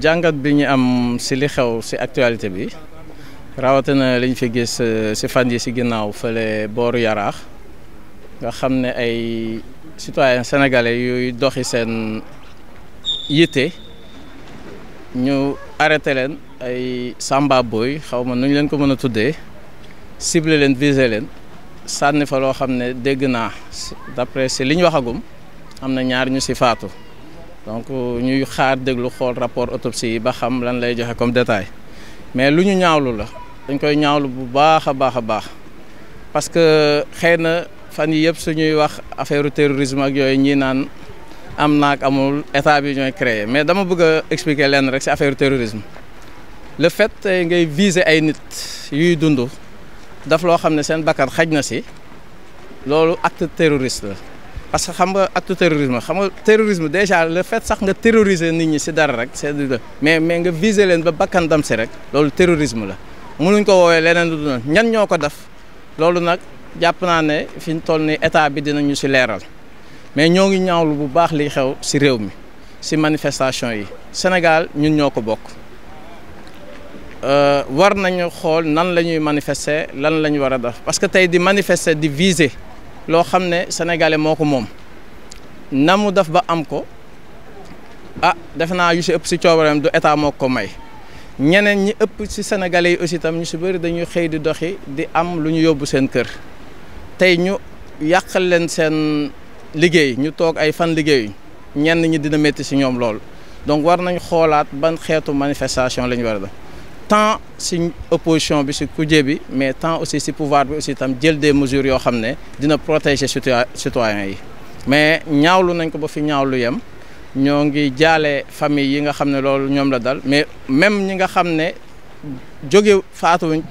jàngat bi ñu am si li xew si actualité bi rawatina lañ fi gis euh, si fan yi si ginnaaw fële booru yaraax nga xam ne ay citoyens sénégalais yuy doxi seen yitte ñu arrêté leen ay samba boy xaw ma nu ñu leen ko mën a tuddee ciblé leen vise leen sànni fa loo xam ne dégg naa d'après si li ñu waxagum am na ñaar ñu si faatu donc ñuy xaar déglu xool rapport autopsie yi ba xam lan lay joxe comme détail mais lu ñu ñaawlu la dañ koy ñaawlu bu baax a baax a baax parce que xëy na fan yi yëpp ñuy wax affaire terrorisme ak yooyu ñii naan am naak amul état bi ñooy créé mais dama bëgg a expliquer leen rek si affaire terrorisme le fait ngay viser ay nit yuy dund daf loo xam ne seen bakkan xaj na si loolu acte terroriste la parce que xam nga acte terrorisme xam nga terrorisme déjà le fait sax nga terroriser nit ñi si dara rek c'est mais mais nga viser leen ba bakkan dam si rek loolu terrorisme la mënuñ ko woowee leneen lu dul ñan ñoo ko def loolu nag jàpp naa ne fi ñu toll ni état bi dinañu si leeral mais ñoo ngi ñaawlu bu baax lii xew si réew mi si manifestation yi Sénégal ñun ñoo ko bokk euh, war nañu xool nan la ñuy manifester lan la ñu war a def parce que tey di manifester di viser. loo xam ne sénégalais moo ko moom na mu def ba am ko ah defe naa yu si ëpp si coobareem du état moo ko may ñeneen ñi ëpp si sénégalais yi aussi tam ñu si bëri dañuy xëy di doxi di am lu ñu yóbbu seen kër tey ñu yàq leen seen liggéey ñu toog ay fan liggéey ñenn ñi dina métti si ñoom lool donc war nañ xoolaat ban xeetu manifestation lañ war a temps si opposition bi si kuje bi mais tant aussi si pouvoir bi aussi tam jël des mesures yoo xam ne dina protéger citoyens yi mais ñaawlu nañ ko ba fi ñaawlu yem ñoo ngi jaale famille yi nga xam ne loolu ñoom la dal mais même ñi nga xam ne jóge faatuwuñ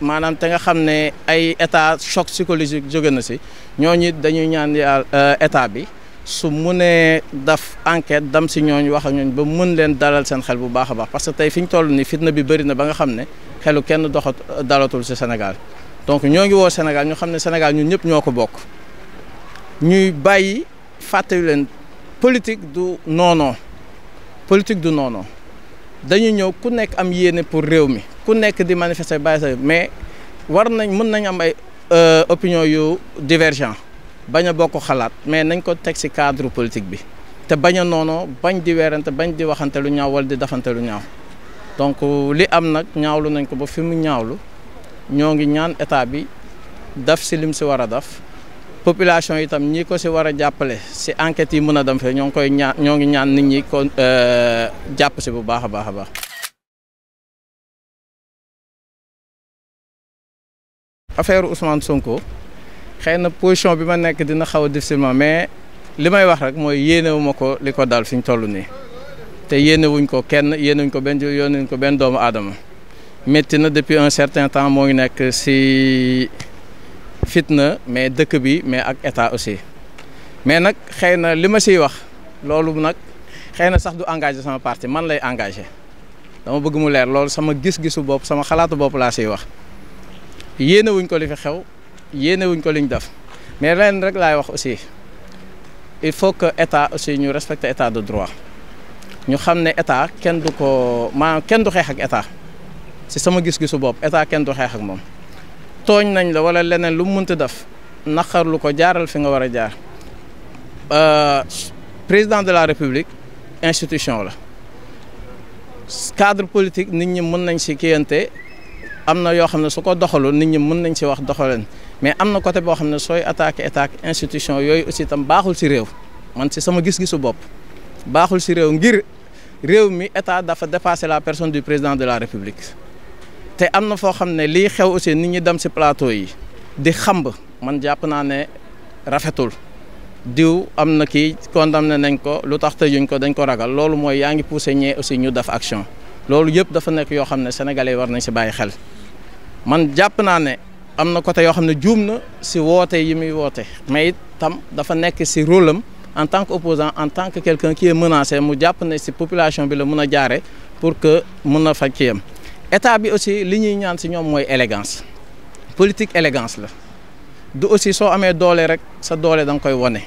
maanaam te nga xam ne ay état choc psychologique jóge na si ñooñu dañuy ñaan yàlla euh, état bi su munee daf enquête dam si ñooñ wax ak ñooñ ba mën leen dalal seen xel bu baax a baax parce que tey fi ñu toll nii fitna bi bëri na ba nga xam ne xelu kenn doxat dalatul si Sénégal donc ñoo ngi woo Sénégal ñu xam ne Sénégal ñu ñëpp ñoo ko bokk ñuy bàyyi fàttali leen politique du noonoo politique du noonoo dañu ñëw ku nekk am yéene pour réew mi ku nekk di manifester bàyyi sa mais war nañ mën nañ am ay euh, opinion yu divergent bañ a bokk xalaat mais nañ ko teg ci cadre politique bi te bañ a noonu bañ di weerante bañ di waxante lu ñaaw wala di defante lu ñaaw donc li am nag ñaawlu nañ ko ba fi mu ñaawlu ñoo ngi ñaan état bi daf si lim si war a daf population yi itam ñi ko si war a jàppale si enquêtes yi mën a dem fee ñoo ngi koy ñaan ñoo ngi ñaan nit ñi kon euh, jàpp ci bu baax a baax a baax. affaire xëy na position bi ma nekk dina xaw a difficilement mais li may wax rek mooy yéenewuma ko li ko dal fi ñu toll nii te yéenewuñ ko kenn yéenewuñ ko benn yónnewuñ ko benn doomu aadama métti na depuis un certain temps moo ngi nekk si fitna mais dëkk bi mais ak état aussi mais nag xëy na li ma siy wax loolu nag xëy na sax du engagé sama parti man lay engagé dama bëgg mu leer lool sama gis-gisu bopp sama xalaatu bopp laa siy wax yéenewuñ ko li fi xew. yéenewuñ ko liñ def mais ren rek laay wax aussi il faut que état aussi ñu respecter état de droit ñu xam ne état kenn du ko maanaam kenn du xeex état si sama gis-gisu bopp état kenn du xeex ak moom tooñ nañ la wala leneen lu mu mënti def xarlu ko jaaral fi nga war a jaar euh, président de la république institution la cadre politique nit ñi mën nañ si kiyante am na yoo xam ne soo ko doxalu nit ñi mën nañ si wax doxaleen mais am na côté boo xam ne sooy attaqué état institution yooyu aussi tam baaxul si réew man si sama gis-gisu bopp baaxul si réew ngir réew mi état dafa dépassé la personne du président de la république te am na foo xam ne lii xew aussi ni ñi dem si plateau yi di xamb man jàpp naa ne rafetul diw am na kii ne nañ ko lu tax tëjuñ ko dañ ko ragal loolu mooy yaa ngi poussé ñee aussi ñu def action loolu yëpp dafa nekk yoo xam ne sénégalais war nañ si bàyyi xel am na côté yoo xam ne juum na si woote yi muy woote mais it tam dafa nekk si rôle am en tant que opposant en tant que quelqu'un qui est menacé mu jàpp ne si population bi la mun a jaare pour que mun a faj ci yam état bi aussi li ñuy ñaan si ñoom mooy élégance politique élégance la du aussi soo amee doolee rek sa doolee da nga koy wone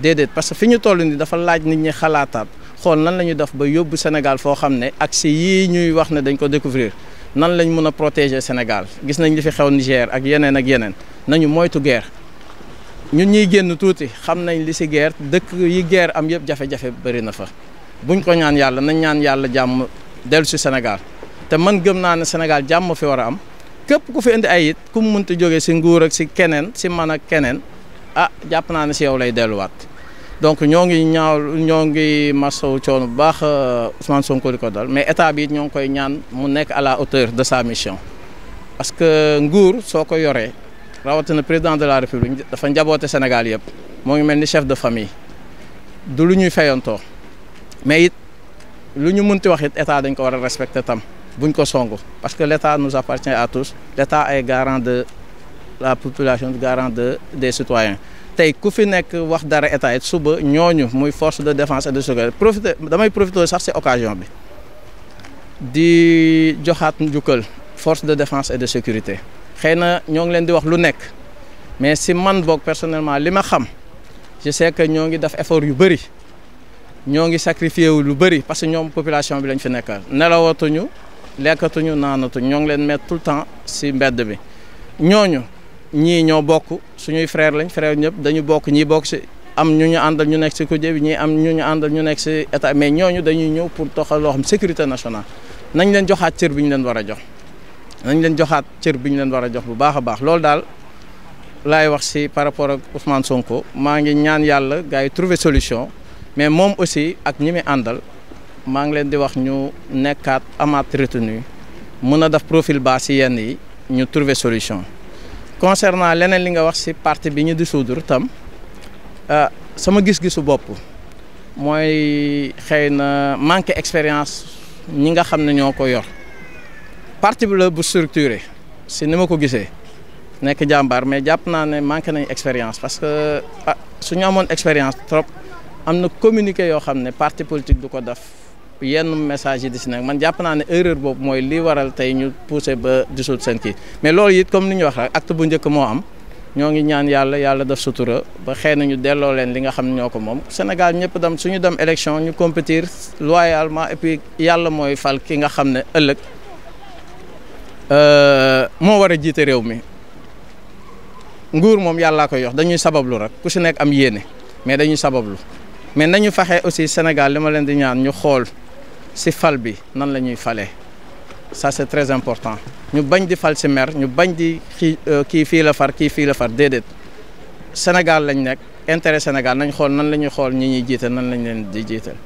déedéet parce que fi ñu toll nii dafa laaj nit ñu xalaataat xool nan la ñuy def ba yóbbu Sénégal foo xam ne ak si yii ñuy wax ne dañ ko découvrir nan lañ mun a protéger Sénégal gis nañ li fi xew Niger ak yeneen ak yeneen nañu moytu geer ñu ñuy génn tuuti xam nañ li si guerre dëkk yi guerre am yëpp jafe-jafe bëri na fa buñ ko ñaan yàlla nañ ñaan yàlla jàmm dellu si Sénégal te man gëm naa ne Sénégal jàmm fi war a am képp ku fi indi ay it ku mu mënta si nguur ak si keneen si man ak keneen ah jàpp naa ne si yow lay delluwaat. donc ñoo ngi ñaaw ñoo ngi masawu coono bu baax euh, Ousmane Sonko di ko dal mais état bi ñoo ngi koy ñaan mu nekk à la hauteur de sa mission. parce que nguur soo ko yoree rawatina président de la république dafa njaboote Sénégal yëpp moo ngi mel ni chef de famille du lu ñuy fayantoo mais it lu ñu mënti wax it état dañ ko war a respecter tam buñ ko songu parce que l' état nous appartient à tous l' état est garant de la population garant de des citoyens. tey ku fi nekk wax dara état it suba ñooñu muy force de défense et de sécurité profité damay profité sax si occasion bi di joxaat njukkal force de défense et de sécurité xëy na ñoo ngi leen di wax lu nekk mais si man boog personnellement li ma xam je sais que ñoo ngi def effort yu bëri ñoo ngi sacrifié wu lu bëri parce que ñoom population bi lañ fi nekkal nelawatuñu lekkatuñu naanatuñu ñoo ngi leen mettre tout le temps si mbedd bi ñooñu. ñii ñoo bokk suñuy frère lañ frère ñëpp dañu bokk ñii bokk si am ñu ñu àndal ñu nekk si kujje bi ñii am ñu ñu àndal ñu nekk si état mais ñooñu dañuy ñëw pour toxal xam sécurité nationale nañ leen joxaat cër bi ñu leen war a jox nañ leen joxaat cër bi ñu leen war a jox bu baax a baax loolu daal laay wax si par rapport ak Ousmane Sonko maa ngi ñaan yàlla gars yi trouver solution mais moom aussi ak ñi muy àndal maa ngi leen di wax ñu nekkaat amaat retenu mën a def profil baa si yenn yi ñu trouver solution concernant leneen li nga wax si parti bi ñu dissoudre tam euh, sama gis-gisu bopp mooy xëy na manque expérience ñi nga xam ne ñoo ko yor parti bi bu structuré si ni ma ko gisee nekk jàmbaar mais jàpp naa ne manqué nañ expérience parce que ah amoon expérience trop am na communiqué yoo xam ne parti politique du ko def. yenn message yi di si nag man jàpp naa ne erreur boobu mooy li waral tey ñu poussé ba dissoudre seen kii mais loolu it comme ni ñu wax rek acte bu njëkk moo am ñoo ngi ñaan yàlla yàlla def sutura ba xëy na ñu delloo leen li nga xam ne ñoo ko moom Sénégal ñëpp dem suñu dem élection ñu compétir loyalement et puis yàlla mooy fal ki nga xam ne ëllëg euh, moo war a jiite réew mi nguur moom yàllaa koy yox dañuy sabablu rek ku si nekk am yéene mais dañuy sabablu mais nañu faxee aussi Sénégal li ma leen di ñaan ñu xool si fal bi nan lañuy fale falee ça c'est important ñu bañ di fal si maire ñu bañ di xii euh, kii fii la far kii fii la far déedéet Sénégal lañ nekk intérêt Sénégal nañ xool nan lañuy xool ñi ñuy jiital nan lañ leen di jiital.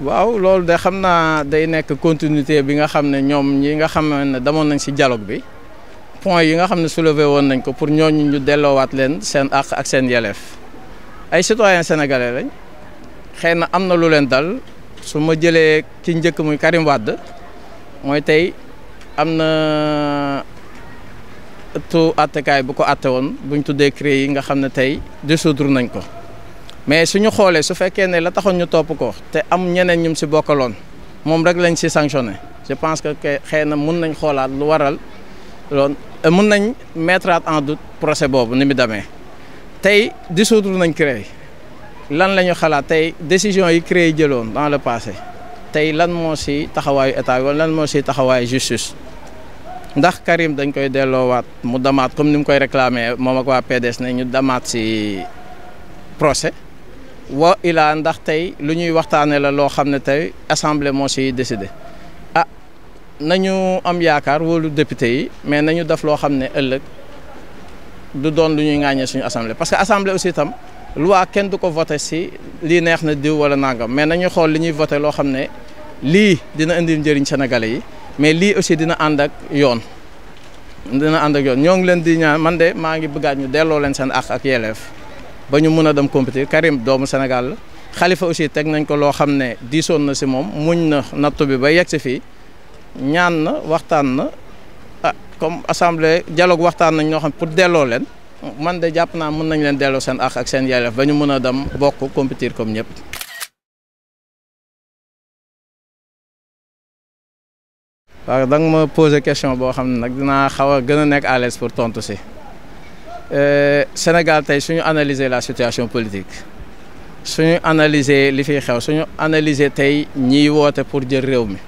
waaw loolu de xam naa day nekk continuité bi nga xam ne ñoom ñi nga xam ne demoon nañ si dialogue bi point yi nga xam ne soulevé woon nañ ko pour ñooñu ñu delloowaat leen seen àq ak seen yeleef ay citoyen sénégalais lañ xëy na am na lu leen dal su ma jëlee ci njëkk muy Karim Wade mooy tey am na tu attekaay bu ko atte woon buñ tuddee CREI yi nga xam ne tey dissoudre nañ ko mais suñu xoolee su fekkee ne la taxoon ñu topp ko te am ñeneen ñum si bokkaloon moom rek lañ si sanctionné je pense que xëy na mun nañ xoolaat lu waral loon mun nañ mettre en doute procès boobu ni mu demee tey dissoudre nañ CREI lan la ñu xalaat tey décision yi CREI jëloon dans le passé tey lan moo si taxawaayu état bi lan moo si taxawaayu justice ndax Karim dañ koy delloowaat mu damaat comme ni mu koy réclamer moom ak waa PDS ne ñu damaat si procès wa ilaa ndax tey lu ñuy waxtaanee la loo xam ne tey assemblée moo si décidé ah nañu am yaakaar wóolu député yi mais nañu def loo xam ne ëllëg. du doon lu ñuy ŋaañee suñu assemblée parce que assemblée aussi itam loi kenn du ko voté si lii neex na diw wala nangam mais nañu xool li ñuy voté loo xam ne lii dina indi njëriñ sénégalais yi mais lii aussi dina ànd ak yoon. dina ànd ak yoon ñoo ngi leen di ñaan man de maa ngi bëggaat ñu delloo leen seen àq ak yelleef ba ñu mun a dem compétir Karim doomu Sénégal la Khalifa aussi teg nañ ko loo xam ne diisoon na si moom muñ na nattu bi ba yegg si fii ñaan na waxtaan na. comme assemblée dialogue waxtaan nañ ñoo xam pour delloo leen man de jàpp naa mën nañ leen delloo seen àq ak seen yelleef ba ñu mën a dem bokk compétir comme ñëpp. waaw da nga ma posé question boo xam ne nag dinaa xaw a gën a nekk à l'aise pour tontu si euh, Sénégal tey suñu analyser la situation politique suñu analyser li fiy xew suñu analyser tey ñiy woote pour jël réew mi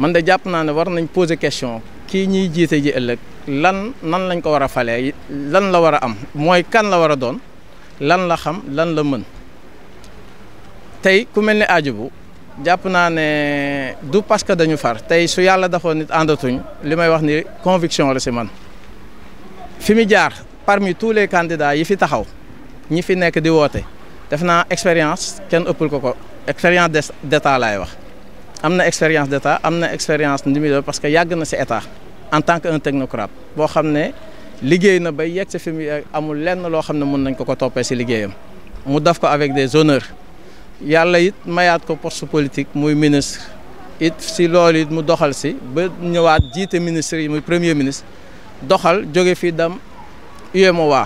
man de jàpp naa ne war nañ posé question kii ñuy jiite ji ëllëg lan nan lañ ko war a falee lan la war a am mooy kan la war a doon lan la xam lan la mën tey ku mel ni Hadjibou jàpp naa ne du parce que dañu far tey su yàlla dafa nit àndatuñ li may wax ni conviction la si man fi mu jaar parmi tous les candidats yi fi taxaw ñi fi nekk di woote def naa expérience kenn ëppul ko ko expérience d'état laay wax am na expérience d' état am na expérience ni muy parce que yàgg na si état en tant que un technocrate boo xam ne liggéey na ba yegg sa fi mu amul lenn loo xam ne mun nañ ko ko toppee si liggéeyam mu def ko avec des honneurs yàlla it mayaat ko poste politique muy ministre it si lool it mu doxal si ba ñëwaat jiite ministre yi muy premier ministre doxal jóge fii dem UEMOA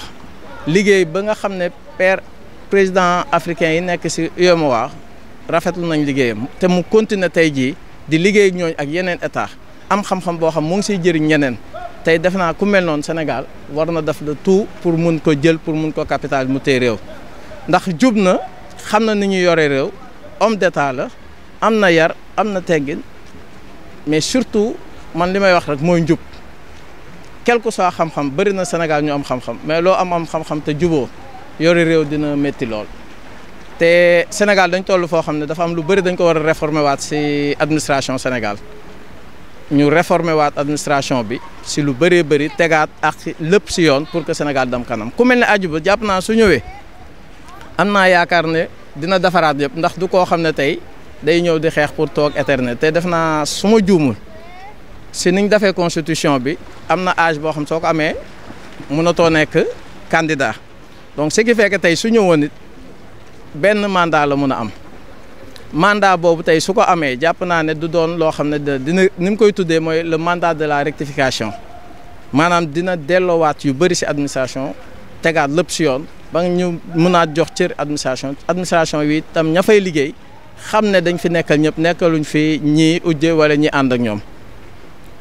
liggéey ba nga xam ne père président africain yi nekk si UEMOA rafetlu nañ liggéeyam te mu continuer tey jii di liggéey ak ñooñ ak yeneen état am xam-xam boo xam mu ngi siy jëriñ ñeneen tey def naa ku mel noonu Sénégal war na def le tout pour mun ko jël pour mun ko capital mu tey réew ndax jub na xam na ni ñu yore réew homme d'état la am na yar am na teggin mais surtout man li may wax rek mooy njub quel que soit xam-xam bëri na Sénégal ñu am xam-xam mais loo am am xam-xam te juboo yore réew dina métti lool te Sénégal dañ toll foo xam ne dafa am lu bëri dañ ko war a réformer waat si administration Sénégal ñu réformer waat administration bi si lu bëree bëri tegaat ak lépp si yoon pour que Sénégal dem kanam ku mel ne Ajuba jàpp naa su ñëwee am naa yaakaar ne dina defaraat yëpp ndax du koo xam ne tey day ñëw di xeex pour toog éternel te def naa su ma juumul ci niñ defee constitution bi am na âge boo xam soo ko amee mënatoo nekk candidat donc ce qui fait tey su ñëwoon it benn mandat la mun a am mandat boobu tey su ko amee jàpp naa ne du doon loo xam ne dina ni koy tuddee mooy le mandat de la rectification maanaam dina delloowaat yu bëri si administration tegaat lépp si yoon ba ñu mënaat jox cër administration administration wi tam ña fay liggéey xam ne dañ fi nekkal ñëpp nekkaluñ fi ñii ujje wala ñi ànd ak ñoom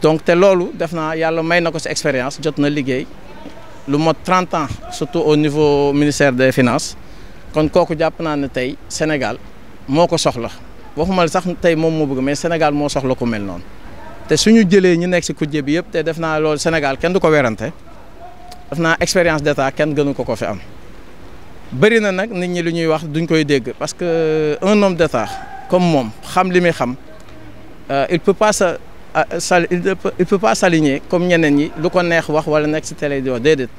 donc te loolu def naa yàlla may na ko si expérience jot na liggéey lu mot 30 ans surtout au niveau ministère des finances kon kooku jàpp naa ne tey Sénégal moo ko soxla waxumal sax tey moom moo bugg mais Sénégal moo soxla ku mel noonu te su ñu jëlee ñu nekk si kujje bi yëpp te def naa loolu Sénégal kenn du ko werante def naa expérience d'état kenn gënu ko ko fi am. bëri na nag nit ñi lu ñuy wax duñ koy dégg parce que euh, un homme d'état comme moom xam li muy xam euh, il peut pas sa euh, il peut comme ñeneen ñi lu ko neex wax wala nekk si télé di wax déedéet.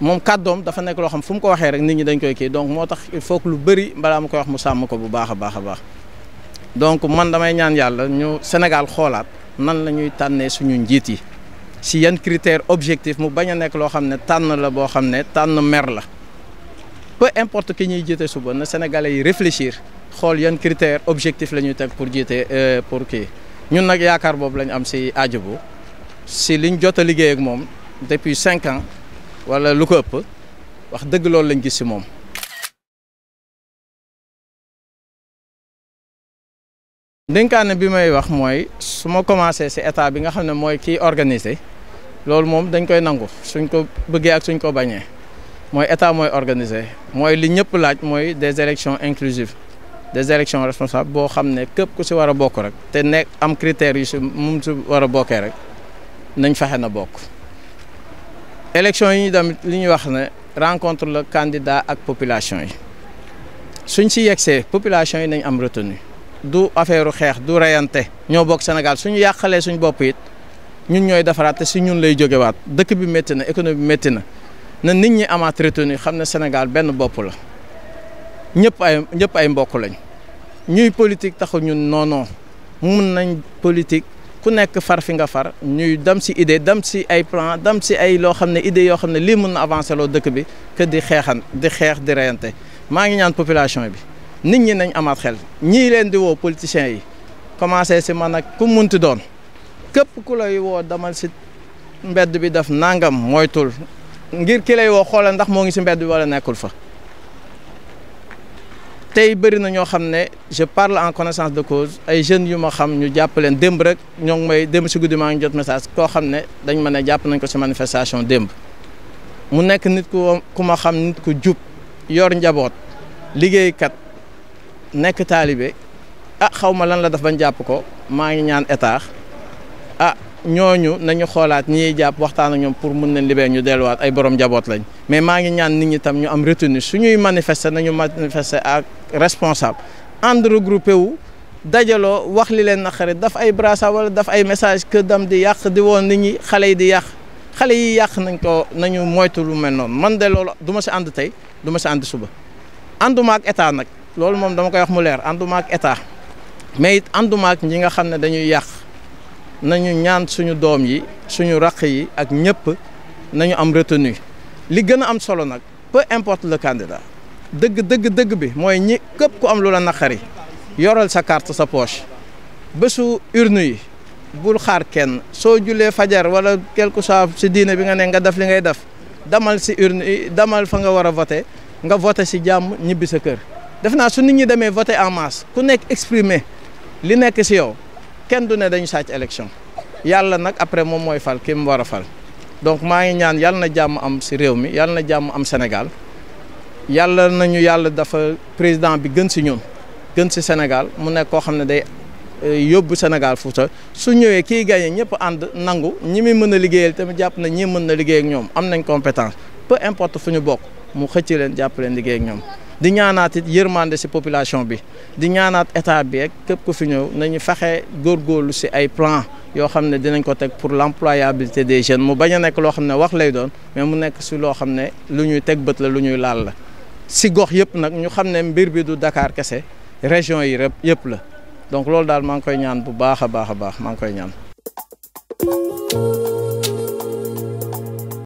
moom kàddoom dafa nekk loo xam fu mu ko waxee rek nit ñi dañ koy kii donc moo tax il faut que lu bëri balaa mu koy wax mu sàmm ko bu baax a baax a baax donc man damay ñaan yàlla ñu Sénégal xoolaat nan la ñuy tànnee suñu njiit yi si yan critère objectif mu bañ a nekk loo xam ne tànn la boo xam ne tànn mer la peu importe ki ñuy jiite suba na Sénégalais yi réfléchir xool yan critère objectif la ñuy teg pour jiite euh, pour kii ñun nag yaakaar boobu lañu am si Adjibou si liñ jot liggéey ak moom depuis cinq ans. wala lu ko ëpp wax dëgg loolu lañ gis si moom. dénkaane bi may wax mooy su ma commencé si état bi nga xam ne mooy kii organiser loolu moom dañ koy nangu suñ ko bëggee ak suñ ko bañee mooy état mooy organiser mooy li ñëpp laaj mooy des élections inclusives des élections responsables boo xam ne képp ku si war a bokk rek te nekk am critères yu ci mu ci war a bokkee rek nañ fexe na bokk. élection yi ñu damit li ñuy wax ne rencontre la candidat ak population yi suñ si yegsee population yi nañ am retenu du affaire xeex du reyante ñoo bokk senegal suñu yàqalee suñ bopp it ñun ñooy defaraat te si ñun lay jógewaat dëkk bi métti na économie bi métti na na nit ñi amaat retenu xam ne senegal benn bopp la ñëpp ay ñëpp ay mbokk lañ ñuy politique taxu ñun non mun nañ politique. ku nekk far fi nga far ñuy dem si idée dem si ay plan dem si ay loo xam ne idée yoo xam ne lii mën na avancer loo dëkk bi que di xeexan di xeex di reyante maa ngi ñaan population bi nit ñi nañ amaat xel ñii leen di woo politiciens yi commencé si man ak ku munti doon képp ku lay woo damal si mbedd bi def nangam moytul ngir kila lay woo xoolal ndax moo ngi si mbedd bi wala nekkul fa tey bëri na ñoo xam ne je parle en connaissance de cause ay jeunes yu ma xam ñu jàpp leen démb rek ñoo ngi may démb si guddi maa ngi jot message koo xam ne dañ ma ne jàpp nañ ko si manifestation démb mu nekk nit ku ku ma xam nit ku jub yor njaboot liggéeykat nekk taalibe ah xaw ma lan la daf bañ jàpp ko maa ngi ñaan état ah. ñooñu nañu xoolaat ñiy jàpp waxtaan a ñoom pour mun leen libérer ñu delluwaat ay borom jaboot lañ mais maa ngi ñaan nit ñi tam ñu am retenue suñuy manifester nañu manifester ak responsable ànd regroupé wu dajaloo wax li leen naqari daf ay brassard wala daf ay message que dam di yàq di woon nit ñi xale yi di yàq xale yi yàq nañ ko nañu moytu lu mel noonu man de loolu du ma si ànd tey du ma si ànd suba and ak état nag loolu moom dama koy wax mu leer ànduma ak état mais it ànduma ñi nga xam ne dañuy yàq. nañu ñaan suñu doom yi suñu raq yi ak ñëpp nañu am retenue li gën a am solo nag peu importe le candidat dëgg dëgg bi mooy ñi képp ku am lu la naqari yoral sa kart sa poche bésu urne yi bul xaar kenn soo julee fajar wala quelque soit si diine bi nga ne nga def li ngay def damal si urne yi damal fa nga war a vote nga voter si jàmm ñibbi sa kër def naa su ni ñi demee voter en masse ku nekk exprimer li nekk si yow kenn du dañu sàcc élection yàlla nag après moom mooy fal ki mu war a fal donc maa ngi ñaan yàlla na jàmm am si réew mi yàlla na jàmm am Sénégal yàlla nañu yàlla dafa président bi gën si ñun gën si Sénégal mu nekk koo xam ne day eh, yóbbu Sénégal Fuuta su ñëwee kii gagné ñëpp ànd nangu ñi muy mën a liggéeyal tamit jàpp na ñi mën na liggéey ak ñoom am nañ compétence peu importe fu ñu bokk mu xëcc leen jàpp leen liggéey ak ñoom di ñaanaat it yërmande si population bi di ñaanaat état bi ak képp ko fi ñëw nañu fexe góorgóorlu si ay plan yoo xam ne dinañ ko teg pour l'employabilité des jeunes mu bañ a nekk loo xam ne wax lay doon mais mu nekk si loo xam ne lu ñuy teg bët la lu ñuy laal la si gox yëpp nag ñu xam ne mbir bi du dakaar kese région yi rek yëpp la donc loolu daal maa ngi koy ñaan bu baax a baax a baax maa ngi koy ñaan.